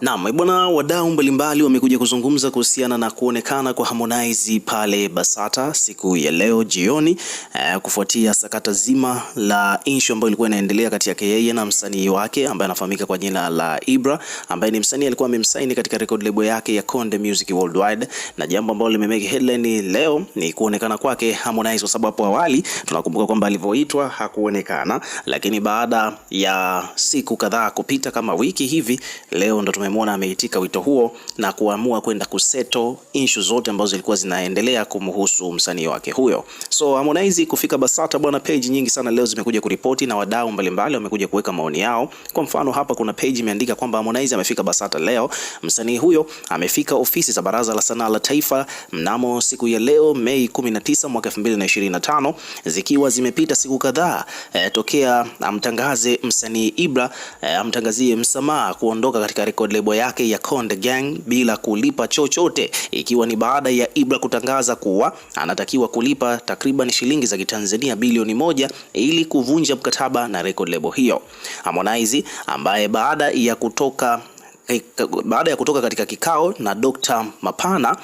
Naam, eh, bwana, wadau mbalimbali wamekuja kuzungumza kuhusiana na kuonekana kwa Harmonize pale Basata siku ya leo jioni eh, kufuatia sakata zima la issue ambayo ilikuwa inaendelea kati yake yeye na msanii wake ambaye anafahamika kwa jina la Ibra, ambaye ni msanii alikuwa amemsaini katika record label yake ya Konde Music Worldwide, na jambo ambalo limemake headline leo ni kuonekana kwake Harmonize, kwa sababu awali tunakumbuka kwamba alivyoitwa hakuonekana, lakini baada ya siku kadhaa kupita kama wiki hivi, leo ndo tume amemwona ameitika wito huo na kuamua kwenda kuseto issue zote ambazo zilikuwa zinaendelea kumhusu msanii wake huyo. So Harmonize kufika Basata bwana, page nyingi sana leo zimekuja kuripoti na wadau mbalimbali wamekuja kuweka maoni yao. Kwa mfano hapa kuna page imeandika kwamba Harmonize amefika Basata leo. Msanii huyo amefika ofisi za Baraza la Sanaa la Taifa mnamo siku ya leo Mei 19 mwaka 2025 zikiwa zimepita siku kadhaa e, tokea amtangaze msanii Ibra e, amtangazie msamaha kuondoka katika rekodi lebo yake ya Konde Gang bila kulipa chochote, ikiwa ni baada ya Ibra kutangaza kuwa anatakiwa kulipa takriban shilingi za Kitanzania bilioni moja ili kuvunja mkataba na record lebo hiyo. Harmonize ambaye baada ya kutoka e, baada ya kutoka katika kikao na Dr. Mapana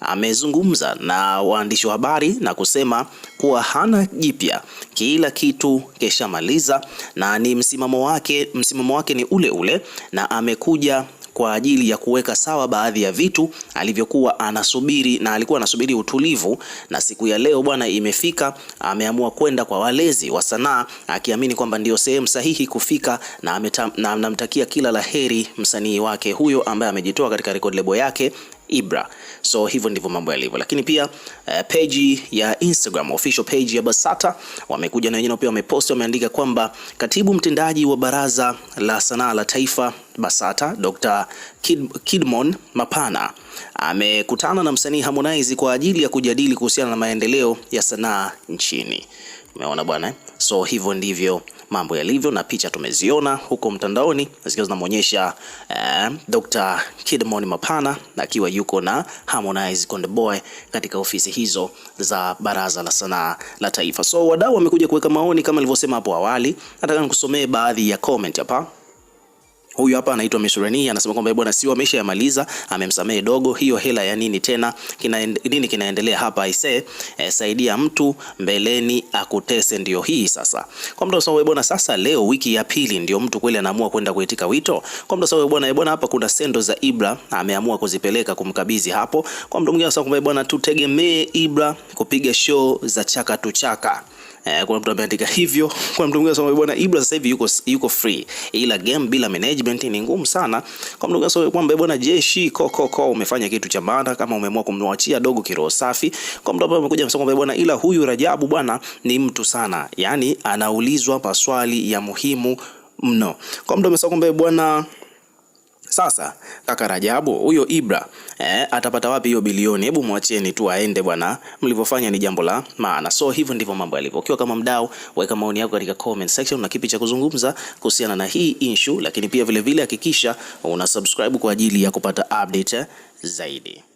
amezungumza na waandishi wa habari na kusema kuwa hana jipya, kila kitu keshamaliza, na ni msimamo wake, msimamo wake ni ule ule na amekuja kwa ajili ya kuweka sawa baadhi ya vitu alivyokuwa anasubiri, na alikuwa anasubiri utulivu, na siku ya leo bwana imefika. Ameamua kwenda kwa walezi wa sanaa akiamini kwamba ndio sehemu sahihi kufika, na anamtakia kila la heri msanii wake huyo ambaye amejitoa katika record lebo yake Ibra. So hivyo ndivyo mambo yalivyo, lakini pia uh, eh, page ya Instagram official page ya Basata wamekuja na wengine pia wamepost, wameandika kwamba katibu mtendaji wa Baraza la Sanaa la Taifa Basata Dr. Kid, Kidmon Mapana amekutana na msanii Harmonize kwa ajili ya kujadili kuhusiana na maendeleo ya sanaa nchini. Umeona bwana, eh? so hivyo ndivyo mambo yalivyo, na picha tumeziona huko mtandaoni zikiwa zinamuonyesha eh, Dr. Kidmon Mapana akiwa yuko na Harmonize Konde Boy katika ofisi hizo za Baraza la Sanaa la Taifa. So wadau wamekuja kuweka maoni kama nilivyosema hapo awali. Nataka nikusomee baadhi ya comment hapa. Huyu hapa anaitwa Mishureni anasema kwamba eh, bwana, si yamaliza, amemsamehe dogo, hiyo hela ya nini tena? Kina, nini kinaendelea hapa say, E, saidia mtu mbeleni akutese, ndio hii sasa. Kwa mtu sawa eh, bwana, sasa leo wiki ya pili ndio mtu kweli anaamua kwenda kuitika wito. Kwa mtu sawa bwana, bwana hapa kuna sendo za Ibra ameamua kuzipeleka kumkabidhi hapo. Kwa mtu mwingine sawa bwana, tutegemee Ibra kupiga show za chaka tu chaka. Eh, kuna mtu ameandika hivyo. Kuna mtu mwingine anasema bwana Ibra sasa hivi yuko yuko free, ila game bila management ni ngumu sana. Kwa mtu mwingine anasema kwamba bwana Jeshi ko ko ko, umefanya kitu cha maana kama umeamua kumwachia dogo kiroho safi. Kwa mtu ambaye amekuja anasema kwamba bwana, ila huyu Rajabu bwana ni mtu sana, yani anaulizwa maswali ya muhimu mno. Kwa mtu amesema kwamba bwana sasa kaka Rajabu, huyo Ibra eh, atapata wapi hiyo bilioni? Hebu mwacheni tu aende bwana, mlivyofanya ni jambo la maana. So hivyo ndivyo mambo yalivyo. Ukiwa kama mdau, weka maoni yako katika comment section na kipi cha kuzungumza kuhusiana na hii issue, lakini pia vilevile hakikisha vile una subscribe kwa ajili ya kupata update zaidi.